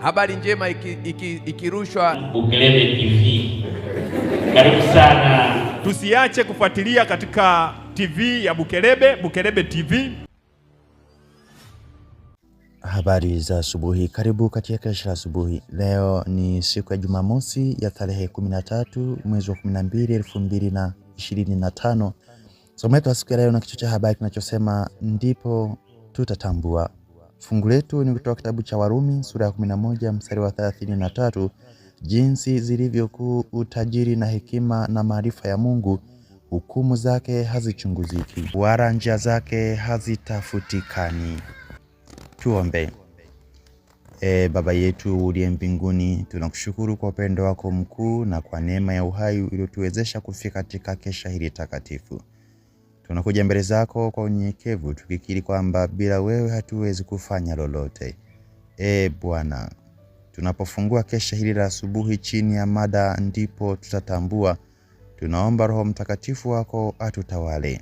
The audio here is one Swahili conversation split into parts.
Habari njema ikirushwa iki, iki Bukelebe TV. Karibu sana, tusiache kufuatilia katika TV ya Bukelebe, Bukelebe TV. Habari za asubuhi, karibu katika kesha la asubuhi. Leo ni siku ya Jumamosi ya tarehe 13 mwezi wa 12 2025. Somo letu la siku ya leo na kichwa cha habari kinachosema ndipo tutatambua Fungu letu ni kutoka kitabu cha Warumi sura ya 11 mstari wa 33, jinsi zilivyokuu utajiri na hekima na maarifa ya Mungu, hukumu zake hazichunguziki, wala njia zake hazitafutikani. Tuombe. E, Baba yetu uliye mbinguni, tunakushukuru kwa upendo wako mkuu na kwa neema ya uhai uliotuwezesha kufika katika kesha hili takatifu. Tunakuja mbele zako kwa unyenyekevu, tukikiri kwamba bila wewe hatuwezi kufanya lolote. E Bwana, tunapofungua kesha hili la asubuhi chini ya mada ndipo tutatambua. Tunaomba Roho Mtakatifu wako atutawale.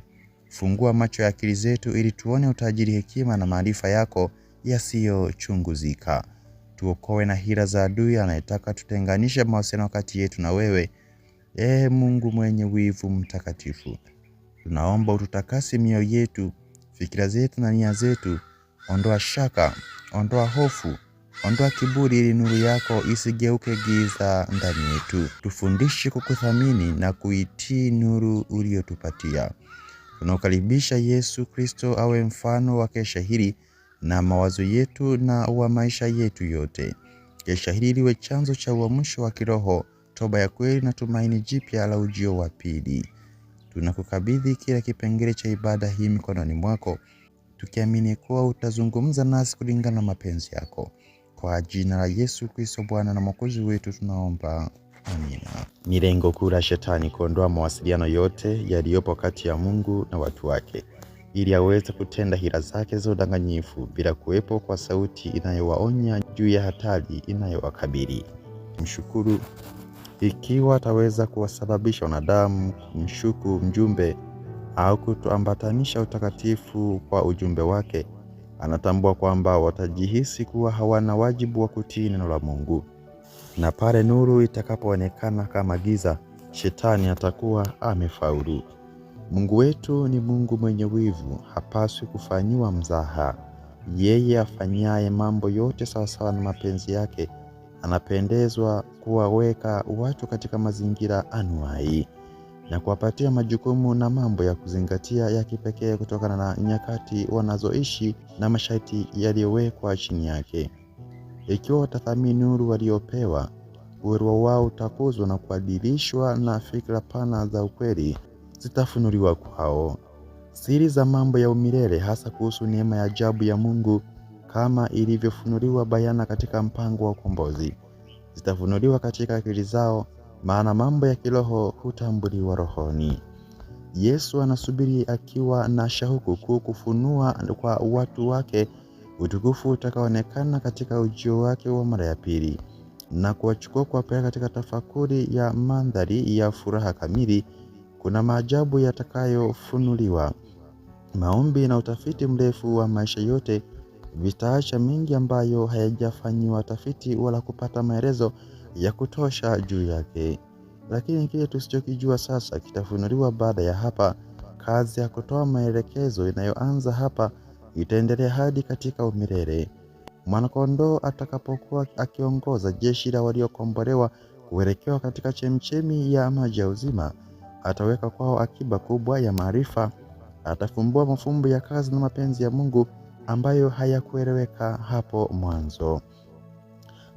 Fungua macho ya akili zetu ili tuone utajiri, hekima na maarifa yako yasiyochunguzika. Tuokoe na hila za adui anayetaka tutenganishe mahusiano kati yetu na wewe. E Mungu mwenye wivu mtakatifu Tunaomba ututakase mioyo yetu, fikira zetu na nia zetu. Ondoa shaka, ondoa hofu, ondoa kiburi, ili nuru yako isigeuke giza ndani yetu. Tufundishe kukuthamini na kuitii nuru uliyotupatia. Tunaokaribisha Yesu Kristo awe mfano wa kesha hili na mawazo yetu na wa maisha yetu yote. Kesha hili liwe chanzo cha uamsho wa kiroho, toba ya kweli na tumaini jipya la ujio wa pili tunakukabidhi kila kipengele cha ibada hii mikononi mwako, tukiamini kuwa utazungumza nasi kulingana na mapenzi yako. Kwa jina la Yesu Kristo, Bwana na Mwokozi wetu, tunaomba. Amina. Ni lengo kuu la Shetani kuondoa mawasiliano yote yaliyopo kati ya Mungu na watu wake, ili aweze kutenda hila zake za udanganyifu bila kuwepo kwa sauti inayowaonya juu ya hatari inayowakabili. Mshukuru ikiwa ataweza kuwasababisha wanadamu kumshuku mjumbe au kutoambatanisha utakatifu kwa ujumbe wake. Anatambua kwamba watajihisi kuwa hawana wajibu wa kutii neno la Mungu, na pale nuru itakapoonekana kama giza, shetani atakuwa amefaulu. Mungu wetu ni Mungu mwenye wivu, hapaswi kufanyiwa mzaha. Yeye afanyaye mambo yote sawasawa na mapenzi yake anapendezwa kuwaweka watu katika mazingira anuai na kuwapatia majukumu na mambo ya kuzingatia ya kipekee kutokana na nyakati wanazoishi na masharti yaliyowekwa chini yake. Ikiwa watathamini nuru waliopewa, uwerwa wao utakuzwa na kuadilishwa, na fikra pana za ukweli zitafunuliwa kwao. Siri za mambo ya umilele, hasa kuhusu neema ya ajabu ya Mungu kama ilivyofunuliwa bayana katika mpango wa ukombozi, zitafunuliwa katika akili zao, maana mambo ya kiroho hutambuliwa rohoni. Yesu anasubiri akiwa na shauku kuu kufunua kwa watu wake utukufu utakaoonekana katika ujio wake wa mara ya pili na kuwachukua kuwapeleka katika tafakuri ya mandhari ya furaha kamili. Kuna maajabu yatakayofunuliwa, maombi na utafiti mrefu wa maisha yote vitaacha mengi ambayo hayajafanyiwa tafiti wala kupata maelezo ya kutosha juu yake. Lakini kile tusichokijua sasa kitafunuliwa baada ya hapa. Kazi ya kutoa maelekezo inayoanza hapa itaendelea hadi katika umilele. Mwanakondoo atakapokuwa akiongoza jeshi la waliokombolewa kuelekewa katika chemchemi ya maji ya uzima, ataweka kwao akiba kubwa ya maarifa, atafumbua mafumbo ya kazi na mapenzi ya Mungu ambayo hayakueleweka hapo mwanzo.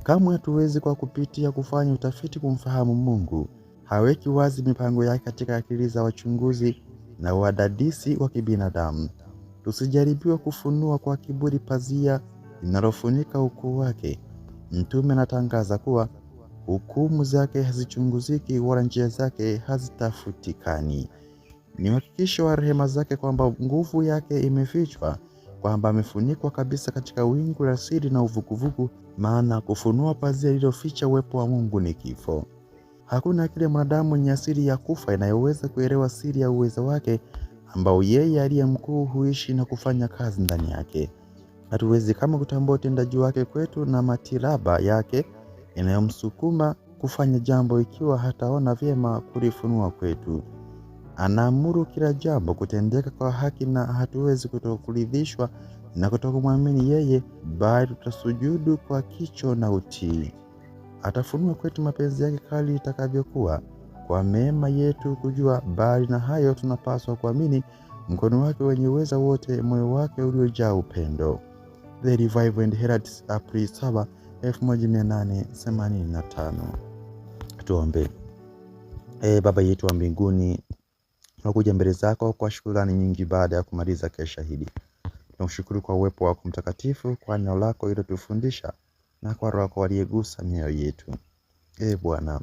Kamwe hatuwezi kwa kupitia kufanya utafiti kumfahamu Mungu. Haweki wazi mipango yake katika akili za wachunguzi na wadadisi wa kibinadamu. Tusijaribiwe kufunua kwa kiburi pazia linalofunika ukuu wake. Mtume anatangaza kuwa hukumu zake hazichunguziki wala njia zake hazitafutikani. Ni uhakikisho wa rehema zake kwamba nguvu yake imefichwa kwamba amefunikwa kabisa katika wingu la siri na uvukuvuku maana kufunua pazia lililoficha uwepo wa Mungu ni kifo. Hakuna kile mwanadamu mwenye asili ya kufa inayoweza kuelewa siri ya uwezo wake ambao yeye aliye mkuu huishi na kufanya kazi ndani yake. Hatuwezi kama kutambua utendaji wake kwetu na matiraba yake inayomsukuma kufanya jambo ikiwa hataona vyema kulifunua kwetu anaamuru kila jambo kutendeka kwa haki na hatuwezi kutokuridhishwa na kutokumwamini yeye, bali tutasujudu kwa kicho na utii. Atafunua kwetu mapenzi yake kali itakavyokuwa kwa mema yetu kujua. Bali na hayo, tunapaswa kuamini mkono wake wenye uweza wote, moyo wake uliojaa upendo. The Revival and Heralds, Aprili 7, 1885. Tuombe. E Baba yetu wa mbinguni tunakuja mbele zako kwa shukrani nyingi baada ya kumaliza kesha hili. Tunakushukuru kwa uwepo wako mtakatifu, kwa neno lako tufundisha na kwa roho yako aliyegusa mioyo yetu. E Bwana,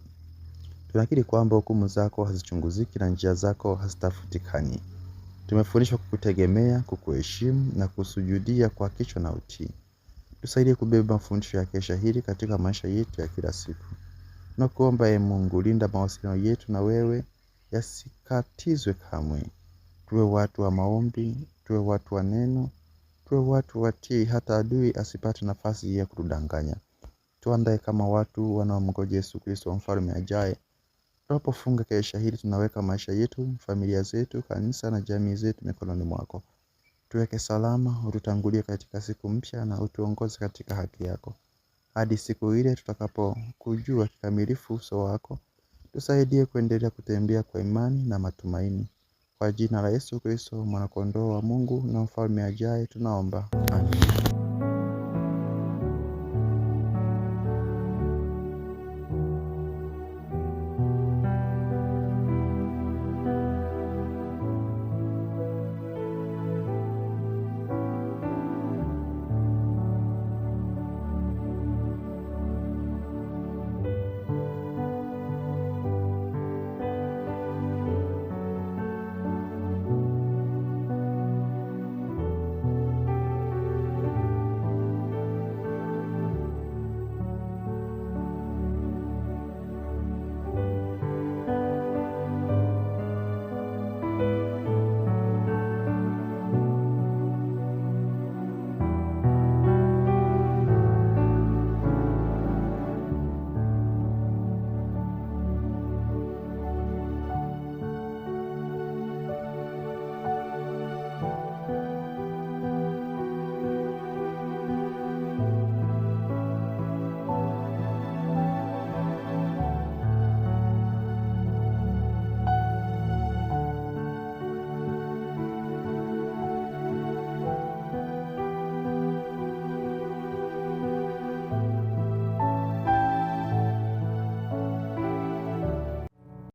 tunakiri kwamba hukumu zako hazichunguziki na njia zako hazitafutikani. Tumefundishwa kukutegemea, kukuheshimu na kusujudia kwa kichwa na utii. Tusaidie kubeba mafundisho ya kesha hili katika maisha yetu ya kila siku. Tunakuomba, e Mungu, linda mawasiliano yetu na wewe yasikatizwe kamwe. Tuwe watu wa maombi, tuwe watu wa neno, tuwe watu watii, hata adui asipate nafasi ya kutudanganya. Tuandae kama watu wanaomngoja Yesu Kristo mfalme ajaye. Tunapofunga kesha hili, tunaweka maisha yetu, familia zetu, kanisa na jamii zetu mikononi mwako. Tuweke salama, ututangulie katika siku mpya na utuongoze katika haki yako, hadi siku ile tutakapokujua kikamilifu uso wako Tusaidie kuendelea kutembea kwa imani na matumaini. Kwa jina la Yesu Kristo, mwanakondoo wa Mungu na mfalme ajaye, tunaomba.